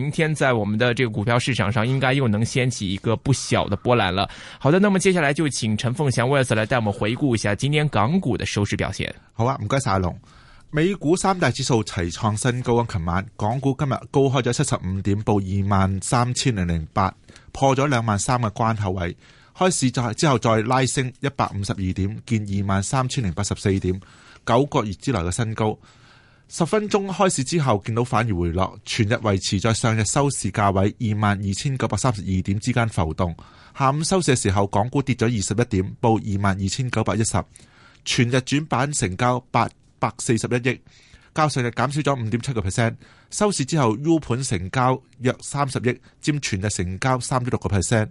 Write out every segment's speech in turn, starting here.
明天在我們的這個股票市場上，應該又能掀起一個不小的波瀾了。好的，那麼接下來就請陳鳳祥 Vice 來帶我們回顧一下今天港股的收市表現。好啊，唔該晒阿龍。美股三大指數齊創新高啊！琴晚港股今日高開咗七十五點，報二萬三千零零八，破咗兩萬三嘅關口位。開市就係之後再拉升一百五十二點，見二萬三千零八十四點，九個月之內嘅新高。十分鐘開市之後，見到反而回落，全日維持在上日收市價位二萬二千九百三十二點之間浮動。下午收市嘅時候，港股跌咗二十一點，報二萬二千九百一十。全日轉板成交八百四十一億，較上日減少咗五點七個 percent。收市之後，U 盤成交約三十億，佔全日成交三點六個 percent。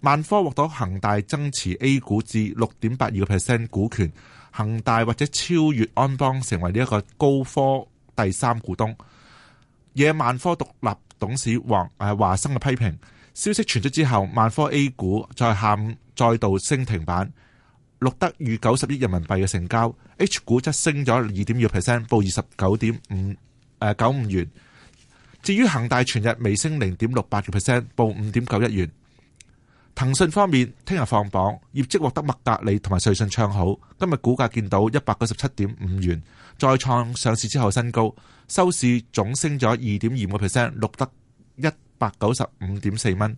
萬科獲得恒大增持 A 股至六點八二 percent 股權，恒大或者超越安邦成為呢一個高科第三股東。惹萬科獨立董事黃誒華生嘅批評，消息傳出之後，萬科 A 股在下午再度升停板，錄得逾九十億人民幣嘅成交。H 股則升咗二點二 percent，報二十九點五誒九五元。至於恒大全日微升零點六八個 percent，報五點九一元。騰訊方面聽日放榜，業績獲得麥格理同埋瑞信唱好，今日股價見到一百九十七點五元，再創上市之後新高，收市總升咗二點二五 percent，錄得一百九十五點四蚊，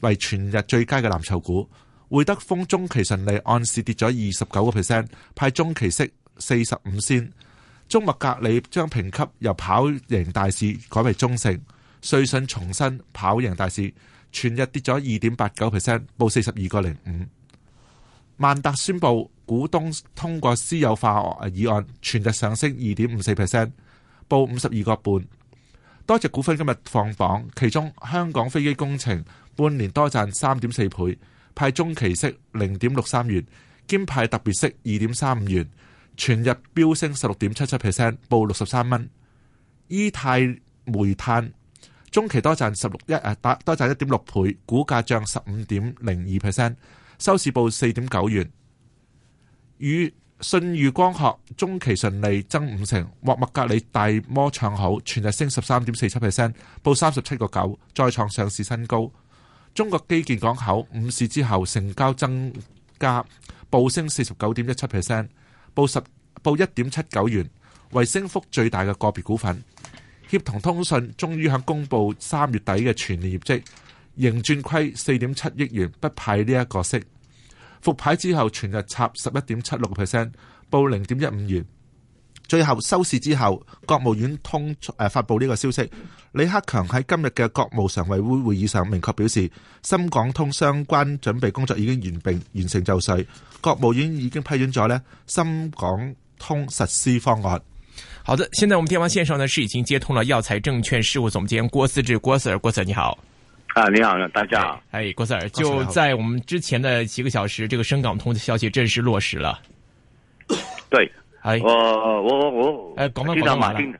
為全日最佳嘅藍籌股。會德豐中期盈利按市跌咗二十九個 percent，派中期息四十五仙。中麥格理將評級由跑贏大市改為中性，瑞信重申跑贏大市。全日跌咗二點八九 percent，報四十二個零五。萬達宣布股東通過私有化議案，全日上升二點五四 percent，報五十二個半。多隻股份今日放榜，其中香港飛機工程半年多賺三點四倍，派中期息零點六三元，兼派特別息二點三五元，全日飆升十六點七七 percent，報六十三蚊。伊泰煤炭。中期多賺十六一啊，多賺一點六倍，股價漲十五點零二 percent，收市報四點九元。與舜宇光學中期純利增五成，獲麥格理大摩唱好，全日升十三點四七 percent，報三十七個九，再創上市新高。中國基建港口午市之後成交增加，報升四十九點一七 percent，報十報一點七九元，為升幅最大嘅個別股份。協同通信終於響公布三月底嘅全年業績，盈轉虧四點七億元，不派呢一個息。復牌之後全日插十一點七六 percent，報零點一五元。最後收市之後，國務院通誒、呃、發佈呢個消息，李克強喺今日嘅國務常務會會議上明確表示，深港通相關準備工作已經完並完成就緒，國務院已經批准咗呢，深港通實施方案。好的，現在我們電話線上呢是已經接通了耀才證券事務總監郭思治，郭 Sir，郭 Sir 你好。啊，你好，大家好。哎，郭 Sir，就在我們之前的幾個小時，這個深港通的消息正式落實了。對，哎，我我我，哎，廣發馬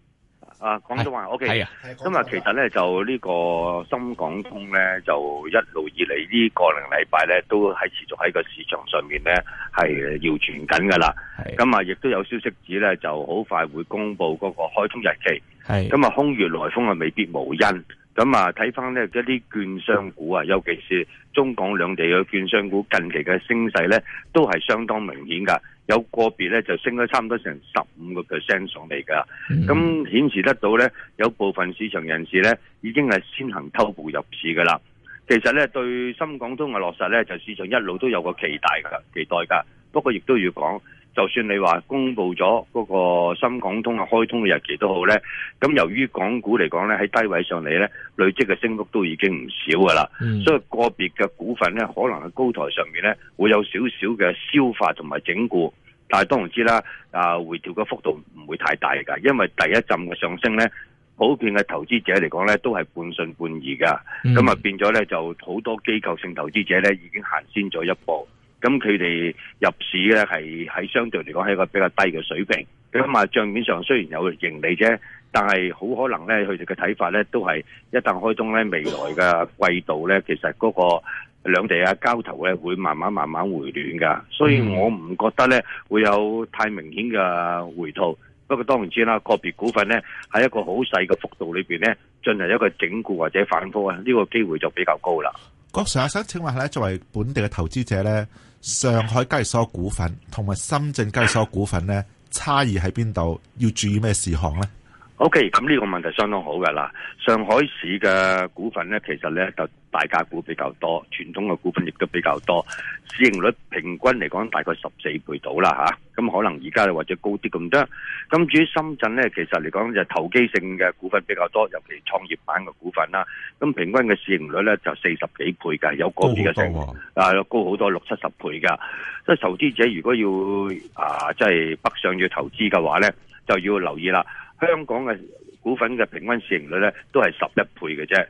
啊，廣東話 OK，咁啊，其實咧就呢、這個深港通咧，就一路以嚟呢個零禮拜咧，都喺持續喺個市場上面咧係謠傳緊噶啦。咁啊，亦、嗯、都有消息指咧，就好快會公布嗰個開通日期。咁啊、嗯，空穴來風啊，未必無因。咁啊，睇翻咧一啲券商股啊，尤其是中港兩地嘅券商股，近期嘅升勢咧都係相當明顯噶，有個別咧就升咗差唔多成十五個 percent 上嚟噶。咁顯示得到咧，有部分市場人士咧已經係先行偷步入市噶啦。其實咧，對深港通嘅落實咧，就市場一路都有個期待噶，期待噶。不過亦都要講。就算你話公布咗嗰個深港通嘅開通嘅日期都好咧，咁由於港股嚟講咧喺低位上嚟咧累積嘅升幅都已經唔少噶啦，嗯，所以個別嘅股份咧可能喺高台上面咧會有少少嘅消化同埋整固，但係當然知啦，啊回調嘅幅度唔會太大㗎，因為第一陣嘅上升咧，普遍嘅投資者嚟講咧都係半信半疑㗎，咁、嗯、啊變咗咧就好多機構性投資者咧已經行先咗一步。咁佢哋入市咧，係喺相對嚟講，係一個比較低嘅水平。咁啊，賬面上雖然有盈利啫，但係好可能咧，佢哋嘅睇法咧都係一旦開通咧，未來嘅季度咧，其實嗰個兩地啊交投咧會慢慢慢慢回暖㗎。所以我唔覺得咧會有太明顯嘅回吐。不過當然之啦，個別股份咧喺一個好細嘅幅度裏邊咧，進行一個整固或者反覆啊，呢個機會就比較高啦。郭 Sir 啊，想請問咧，作為本地嘅投資者咧。上海交易所股份同埋深圳交易所股份咧，差異喺邊度？要注意咩事項咧？O.K. 咁呢個問題相當好㗎啦。上海市嘅股份咧，其實咧就大價股比較多，傳統嘅股份亦都比較多。市盈率平均嚟講大概十四倍到啦吓，咁、啊、可能而家或者高啲咁多。咁至於深圳咧，其實嚟講就投機性嘅股份比較多，尤其創業板嘅股份啦。咁平均嘅市盈率咧就四十幾倍㗎。有個別嘅情況，啊，高好多六七十倍㗎。即係投資者如果要啊，即係北上要投資嘅話咧，就要留意啦。香港嘅股份嘅平均市盈率咧，都係十一倍嘅啫。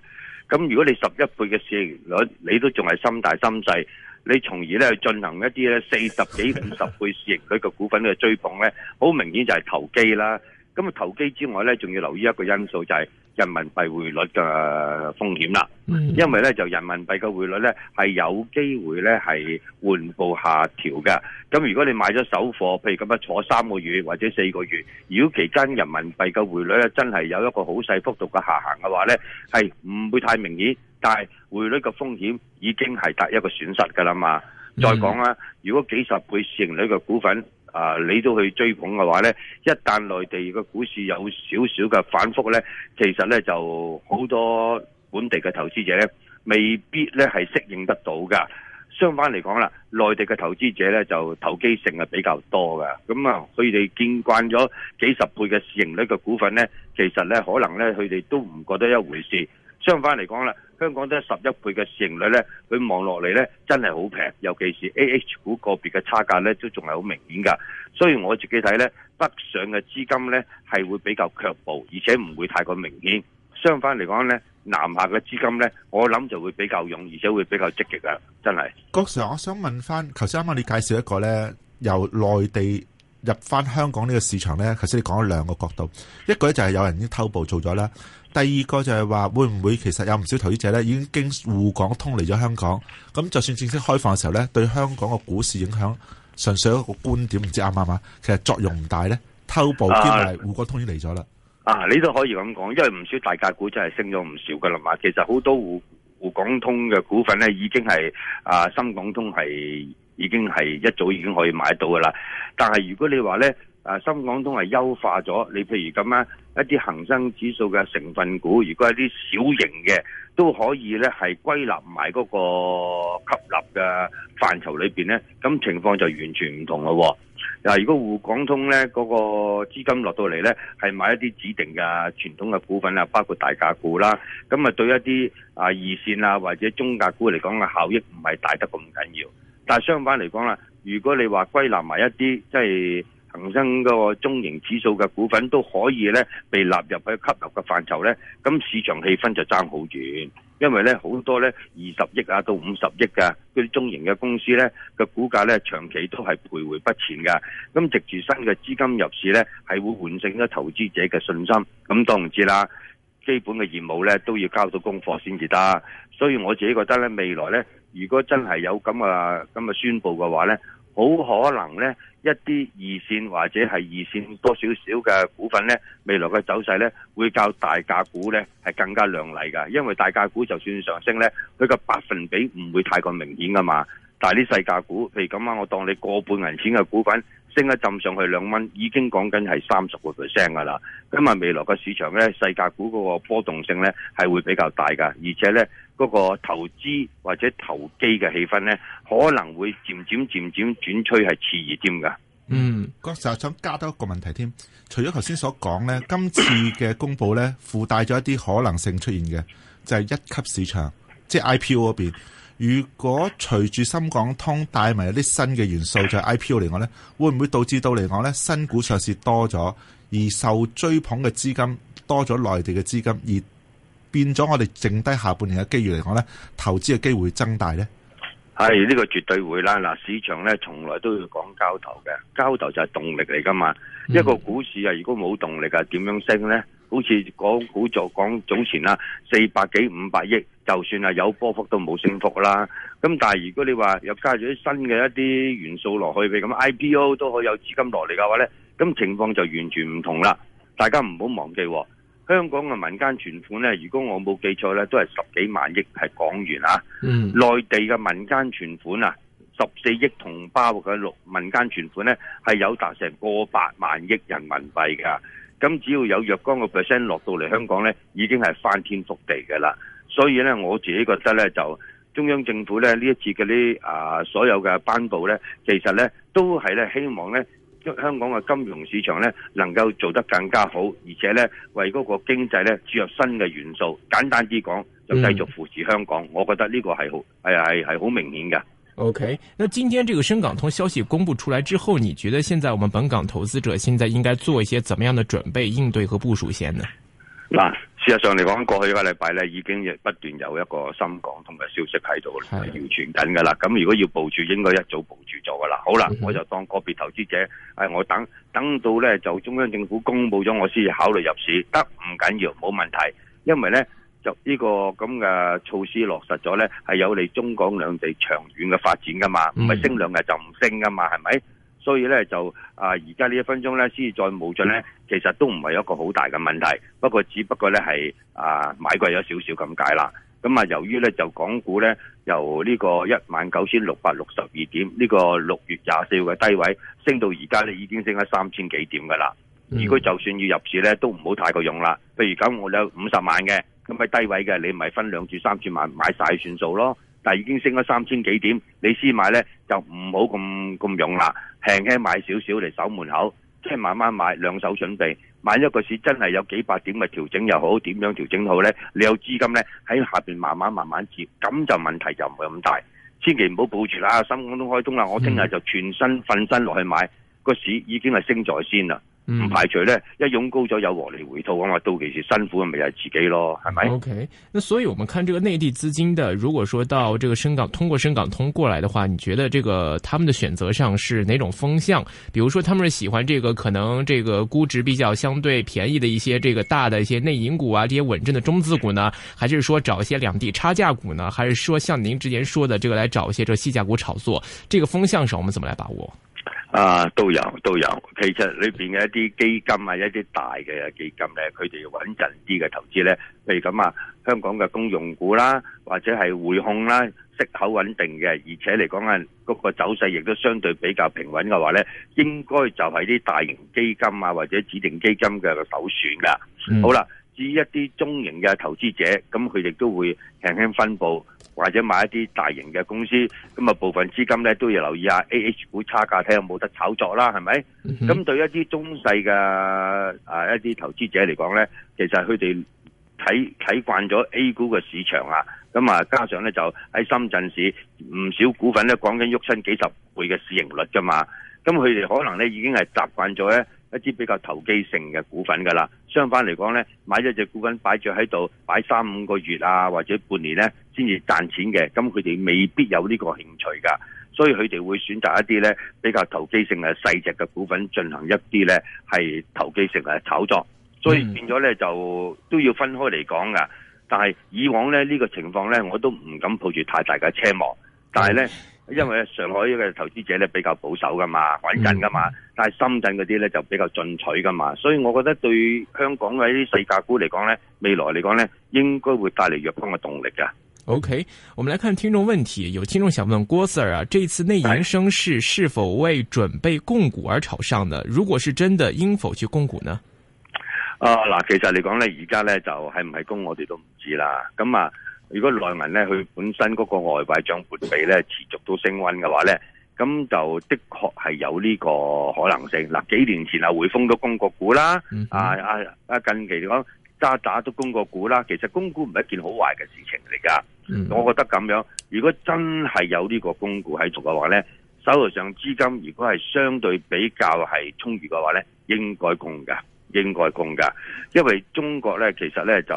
咁如果你十一倍嘅市盈率，你都仲係心大心細，你從而咧去進行一啲咧四十幾五十倍市盈率嘅股份嘅追捧咧，好明顯就係投機啦。咁啊投機之外咧，仲要留意一個因素就係、是，人民幣匯率嘅風險啦，因為咧就人民幣嘅匯率咧係有機會咧係緩步下調嘅。咁如果你買咗首貨，譬如咁樣坐三個月或者四個月，如果期間人民幣嘅匯率咧真係有一個好細幅度嘅下行嘅話咧，係唔會太明顯，但係匯率嘅風險已經係大一個損失㗎啦嘛。再講啊，如果幾十倍市盈率嘅股份。啊！你都去追捧嘅話呢，一旦內地嘅股市有少少嘅反復呢，其實呢就好多本地嘅投資者呢，未必呢係適應得到噶。相反嚟講啦，內地嘅投資者呢就投機性係比較多噶。咁、嗯、啊，佢哋見慣咗幾十倍嘅市盈率嘅股份呢，其實呢可能呢，佢哋都唔覺得一回事。相反嚟講啦。香港得十一倍嘅市盈率咧，佢望落嚟咧，真係好平，尤其是 AH 股個別嘅差價咧都仲係好明顯噶所以我自己睇咧，北上嘅資金咧係會比較卻步，而且唔會太過明顯。相反嚟講咧，南下嘅資金咧，我諗就會比較勇，而且會比較積極啊！真係。郭 Sir，我想問翻，頭先啱啱你介紹一個咧，由內地。入翻香港呢個市場咧，頭先你講咗兩個角度，一個咧就係有人已經偷步做咗啦，第二個就係話會唔會其實有唔少投資者咧已經經滬港通嚟咗香港，咁就算正式開放嘅時候咧，對香港個股市影響純粹一個觀點，唔知啱唔啱？其實作用唔大咧，偷步兼埋滬港通已經嚟咗啦。啊，你都可以咁講，因為唔少大價股真係升咗唔少噶啦嘛。其實好多滬滬港通嘅股份咧已經係啊深港通係。已經係一早已經可以買到噶啦，但係如果你話呢，誒、啊、深港通係優化咗，你譬如咁樣一啲恒生指數嘅成分股，如果係啲小型嘅，都可以呢，係歸納埋嗰個吸納嘅範疇裏邊呢，咁情況就完全唔同咯。嗱、啊，如果滬港通呢嗰、那個資金落到嚟呢，係買一啲指定嘅傳統嘅股份啦，包括大價股啦，咁啊對一啲啊二線啊或者中價股嚟講嘅效益唔係大得咁緊要。但相反嚟講啦，如果你話歸納埋一啲即係恒生嗰個中型指數嘅股份都可以咧被納入去吸納嘅範疇咧，咁市場氣氛就爭好遠，因為咧好多咧二十億啊到五十億嘅嗰啲中型嘅公司咧嘅股價咧長期都係徘徊不前嘅，咁藉住新嘅資金入市咧係會喚醒咗投資者嘅信心，咁當然知啦，基本嘅業務咧都要交到功課先至得，所以我自己覺得咧未來咧。如果真係有咁啊咁啊宣布嘅話呢，好可能呢一啲二線或者係二線多少少嘅股份呢，未來嘅走勢呢會較大價股呢係更加亮麗㗎，因為大價股就算上升呢，佢個百分比唔會太過明顯㗎嘛。但係啲細價股，譬如咁啊，我當你個半銀錢嘅股份升一浸上去兩蚊，已經講緊係三十個 percent 噶啦。咁啊，今日未來個市場咧，細價股嗰個波動性咧，係會比較大噶，而且咧嗰個投資或者投機嘅氣氛咧，可能會漸漸漸漸轉趨係熾熱添噶。嗯，我實想加多一個問題添，除咗頭先所講咧，今次嘅公佈咧，附帶咗一啲可能性出現嘅，就係、是、一級市場，即係 IPO 嗰邊。如果隨住深港通帶埋啲新嘅元素在、就係、IPO 嚟講呢，會唔會導致到嚟講呢？新股上市多咗，而受追捧嘅資金多咗，內地嘅資金而變咗我哋剩低下半年嘅機遇嚟講呢，投資嘅機會增大呢？係呢、呢個絕對會啦！嗱，市場呢，從來都要講交投嘅，交投就係動力嚟噶嘛。一個股市啊，如果冇動力啊，點樣升呢？好似講股助講早前啊，四百幾五百億，就算係有波幅都冇升幅啦。咁但係如果你話又加咗啲新嘅一啲元素落去，譬如咁 IPO 都可以有資金落嚟嘅話呢，咁情況就完全唔同啦。大家唔好忘記，香港嘅民間存款呢，如果我冇記錯呢，都係十幾萬億係港元啊。嗯，內地嘅民間存款啊，十四億同胞嘅六民間存款呢，係有達成過百萬億人民幣㗎。咁只要有若干個 percent 落到嚟香港咧，已經係翻天覆地嘅啦。所以咧，我自己覺得咧，就中央政府咧呢一次嗰啲啊所有嘅頒布咧，其實咧都係咧希望咧香港嘅金融市場咧能夠做得更加好，而且咧為嗰個經濟咧注入新嘅元素。簡單啲講，就繼續扶持香港。我覺得呢個係好係係係好明顯嘅。O.K.，那今天這個深港通消息公布出來之後，你覺得現在我們本港投資者現在應該做一些怎麼樣的準備、應對和部署先呢？嗱，事實上嚟講，過去一個禮拜呢，已經不斷有一個深港通嘅消息喺度謠傳緊噶啦。咁如果要部署，應該一早部署咗噶啦。好啦，我就當個別投資者，誒，我等等到呢，就中央政府公布咗，我先考慮入市得唔緊要，冇問題，因為呢。就呢個咁嘅措施落實咗呢，係有利中港兩地長遠嘅發展噶嘛，唔、嗯、係升兩日就唔升噶嘛，係咪？所以呢，就啊，而家呢一分鐘呢，先至再冇進呢，其實都唔係一個好大嘅問題，不過只不過呢係啊買貴咗少少咁解啦。咁啊，點點由於呢，就港股呢，由呢個一萬九千六百六十二點呢，這個六月廿四號嘅低位，升到而家呢已經升咗三千幾點噶啦。如、嗯、果就算要入市呢，都唔好太過用啦。譬如咁，我有五十萬嘅。咁咪低位嘅，你咪分兩注、三次買買晒算數咯。但係已經升咗三千幾點，你先買呢就唔好咁咁勇啦，輕輕買少少嚟守門口，即係慢慢買兩手準備。萬一個市真係有幾百點嘅調整又好，點樣調整好呢？你有資金呢，喺下面慢慢慢慢接，咁就問題就唔係咁大。千祈唔好保住啦，深港通開通啦，我聽日就全身瞓身落去買，個市已經係升在先啦。唔、嗯、排除呢，一湧高咗有獲利回吐咁啊，到其實辛苦咁咪係自己咯，係咪？OK，那所以我們看這個內地資金的，如果說到這個深港通過深港通過來的話，你覺得這個他們的選擇上是哪種風向？比如說他們是喜歡這個可能這個估值比較相對便宜的一些這個大的一些內銀股啊，這些穩陣的中資股呢？還是說找一些兩地差價股呢？還是說像您之前說的這個來找一些這個細價股炒作？這個風向上我們怎麼來把握？啊，都有都有，其實裏邊嘅一啲基金啊，一啲大嘅基金咧，佢哋要穩陣啲嘅投資咧，譬如咁啊，香港嘅公用股啦，或者係匯控啦，息口穩定嘅，而且嚟講啊，嗰個走勢亦都相對比較平穩嘅話咧，應該就係啲大型基金啊，或者指定基金嘅首選噶、嗯。好啦，至於一啲中型嘅投資者，咁佢哋都會輕輕分布。或者買一啲大型嘅公司，咁啊部分資金咧都要留意下 AH 股差價，睇下有冇得炒作啦，係咪？咁對一啲中細嘅啊一啲投資者嚟講咧，其實佢哋睇睇慣咗 A 股嘅市場啊，咁啊加上咧就喺深圳市唔少股份咧講緊喐親幾十倍嘅市盈率㗎嘛，咁佢哋可能咧已經係習慣咗咧。一啲比較投機性嘅股份㗎啦，相反嚟講呢買咗隻股份擺住喺度，擺三五個月啊，或者半年呢先至賺錢嘅，咁佢哋未必有呢個興趣㗎，所以佢哋會選擇一啲呢比較投機性嘅細隻嘅股份進行一啲呢係投機性嘅炒作，所以變咗呢，就都要分開嚟講㗎。但係以往呢，呢、呢個情況呢，我都唔敢抱住太大嘅奢望，但係呢，因為上海嘅投資者呢，比較保守㗎嘛，穩陣㗎嘛。喺深圳嗰啲咧就比較進取噶嘛，所以我覺得對香港嘅啲細價股嚟講咧，未來嚟講咧應該會帶嚟弱方嘅動力噶。OK，我們嚟看聽眾問題，有聽眾想問郭 Sir 啊，這次內銀升市是否為準備供股而炒上呢？如果是真的，應否去供股呢？啊嗱，其實嚟講咧，而家咧就係唔係供我哋都唔知啦。咁啊，如果內銀咧佢本身嗰個外匯帳本比咧持續都升溫嘅話咧。咁就的確係有呢個可能性。嗱，幾年前啊匯豐都供過股啦，嗯，啊啊啊近期嚟講渣打都供過股啦。其實供股唔係一件好壞嘅事情嚟噶，嗯。我覺得咁樣，如果真係有呢個供股喺度嘅話咧，手頭上資金如果係相對比較係充裕嘅話咧，應該供噶，應該供噶。因為中國咧，其實咧就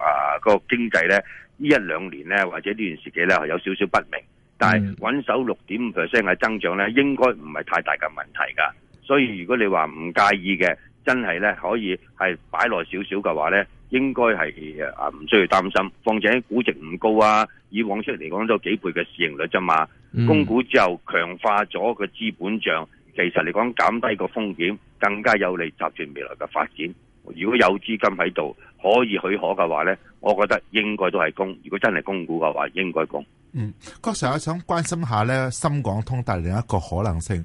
啊，那個經濟咧呢一兩年咧或者呢段時期咧係有少少不明。但係穩守六點五 percent 嘅增長咧，應該唔係太大嘅問題噶。所以如果你話唔介意嘅，真係咧可以係擺耐少少嘅話咧，應該係啊唔需要擔心。況且估值唔高啊，以往出嚟講都有幾倍嘅市盈率啫嘛。供股之後強化咗個資本賬，其實嚟講減低個風險，更加有利集團未來嘅發展。如果有資金喺度。可以許可嘅話呢，我覺得應該都係供。如果真係供股嘅話，應該供。嗯，確實我想關心一下呢，深港通帶嚟另一個可能性。誒、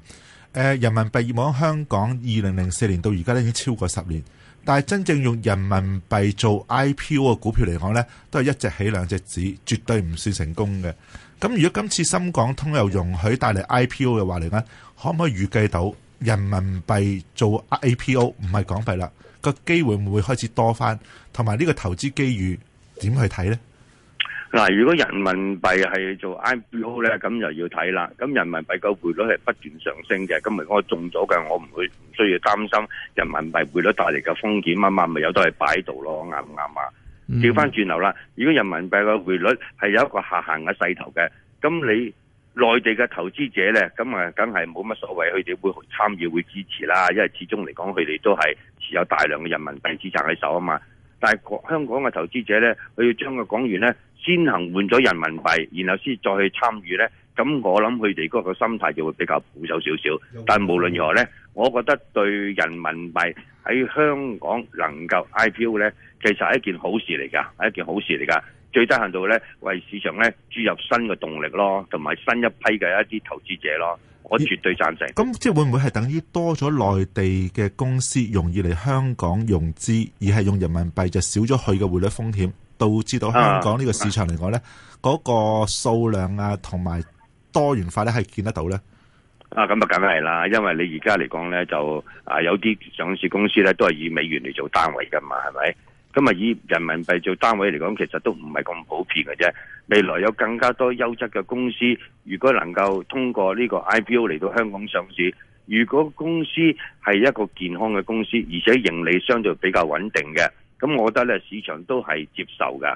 呃，人民幣用喺香港二零零四年到而家已經超過十年。但係真正用人民幣做 IPO 嘅股票嚟講呢，都係一隻起兩隻止，絕對唔算成功嘅。咁如果今次深港通又容許帶嚟 IPO 嘅話嚟講，可唔可以預計到人民幣做 IPO 唔係港幣啦？個機會唔會開始多翻？同埋呢個投資機遇點去睇呢？嗱，如果人民幣係做 IPO 咧，咁又要睇啦。咁人民幣個匯率係不斷上升嘅，咁咪我中咗嘅，我唔會唔需要擔心人民幣匯率帶嚟嘅風險啊嘛，咪有得去擺度咯，啱唔啱啊？調翻轉頭啦，如果人民幣個匯率係有一個下行嘅勢頭嘅，咁你內地嘅投資者咧，咁啊，梗係冇乜所謂，佢哋會參與、會支持啦，因為始終嚟講，佢哋都係。有大量嘅人民幣資產喺手啊嘛，但係香港嘅投資者呢，佢要將個港元呢先行換咗人民幣，然後先再去參與呢。咁我諗佢哋嗰個心態就會比較保守少少。但係無論如何呢，我覺得對人民幣喺香港能夠 IPO 呢，其實係一件好事嚟㗎，係一件好事嚟㗎。最低限度咧，為市場咧注入新嘅動力咯，同埋新一批嘅一啲投資者咯，我絕對讚成。咁即係會唔會係等於多咗內地嘅公司容易嚟香港融資，而係用人民幣就少咗佢嘅匯率風險，導致到香港呢個市場嚟講咧，嗰、啊啊嗰個數量啊同埋多元化咧係見得到咧。啊，咁啊，梗係啦，因為你而家嚟講咧就啊有啲上市公司咧都係以美元嚟做單位噶嘛，係咪？今日以人民幣做單位嚟講，其實都唔係咁普遍嘅啫。未來有更加多優質嘅公司，如果能夠通過呢個 IPO 嚟到香港上市，如果公司係一個健康嘅公司，而且盈利相對比較穩定嘅，咁我覺得咧市場都係接受嘅。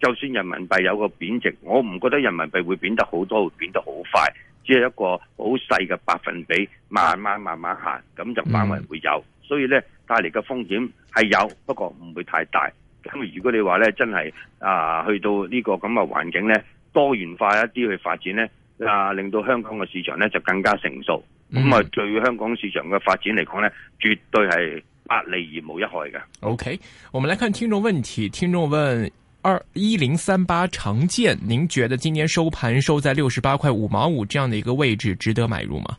就算人民幣有個貶值，我唔覺得人民幣會貶得好多，會貶得好快，只係一個好細嘅百分比，慢慢慢慢行，咁就範圍會有。嗯、所以咧。帶嚟嘅風險係有，不過唔會太大。咁如果你話咧，真係啊，去到呢個咁嘅環境咧，多元化一啲去發展咧，啊，令到香港嘅市場咧就更加成熟。咁、嗯、啊，對香港市場嘅發展嚟講咧，絕對係百利而無一害嘅。OK，我們來看聽眾問題。聽眾問二一零三八常見，您覺得今年收盤收在六十八塊五毛五這樣的嘅一個位置，值得買入嗎？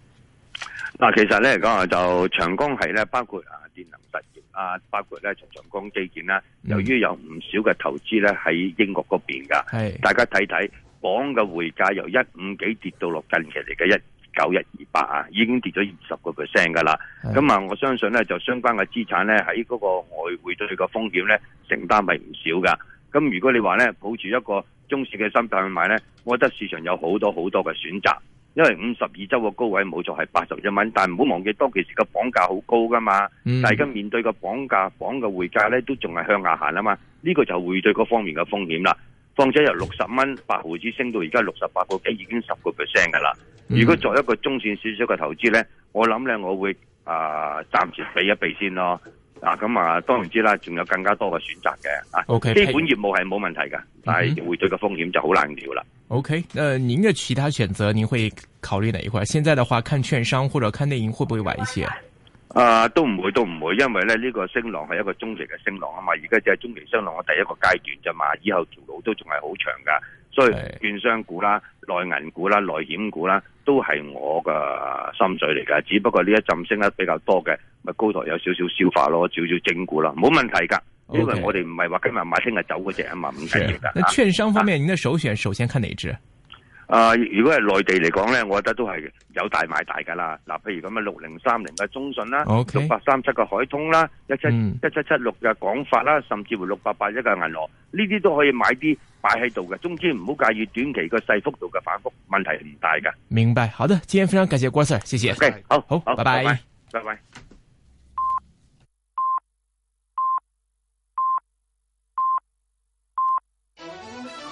嗱，其實咧嚟講就長江係咧，包括啊電能實業啊，包括咧長江基建啦。由於有唔少嘅投資咧喺英國嗰邊噶，大家睇睇，鎊嘅匯價由一五幾跌到落近期嚟嘅一九一二八，啊，已經跌咗二十個 percent 噶啦。咁啊，嗯、我相信咧就相關嘅資產咧喺嗰個外匯對佢嘅風險咧承擔係唔少噶。咁如果你話咧抱住一個中視嘅心態去買咧，我覺得市場有好多好多嘅選擇。因為五十二周嘅高位冇錯係八十一蚊，但係唔好忘記當其時個房價好高噶嘛，大家面對個房價、房嘅匯價咧都仲係向下行啊嘛，呢個就匯兌嗰方面嘅風險啦。況且由六十蚊八毫子升到而家六十八個幾，已經十個 percent 噶啦。如果作一個中線少少嘅投資咧，我諗咧我會啊暫時避一避先咯。啊，咁啊，當然知啦，仲有更加多嘅選擇嘅啊，okay, 基本業務係冇問題㗎，嗯，但係匯兌嘅風險就好難料啦。OK，誒、呃，您嘅其他選擇，您會考慮哪一塊？現在的話，看券商或者看內銀會不會晚一些？啊，啊都唔會，都唔會，因為咧呢、這個升浪係一個中期嘅升浪啊嘛，而家只係中期升浪嘅第一個階段啫嘛，以後條路都仲係好長噶，所以券商股啦、內銀股啦、內險股啦，都係我嘅心水嚟噶，只不過呢一陣升得比較多嘅。高台有少少,少消化咯，少少整固啦，冇問題噶。因為我哋唔係話今日買聽日走嗰隻啊嘛，五千億噶。券商方面、啊，您的首選首先看哪隻？啊、呃，如果係內地嚟講咧，我覺得都係有大買大噶啦。嗱，譬如咁啊，六零三零嘅中信啦，六八三七嘅海通啦，一七一七七六嘅廣發啦，甚至乎六八八一嘅銀河，呢啲都可以買啲擺喺度嘅。總之唔好介意短期個細幅度嘅反覆，問題唔大噶。明白，好的，今天非常感謝郭 Sir，謝謝。Okay, 好，好，拜拜，拜拜。Bye bye bye bye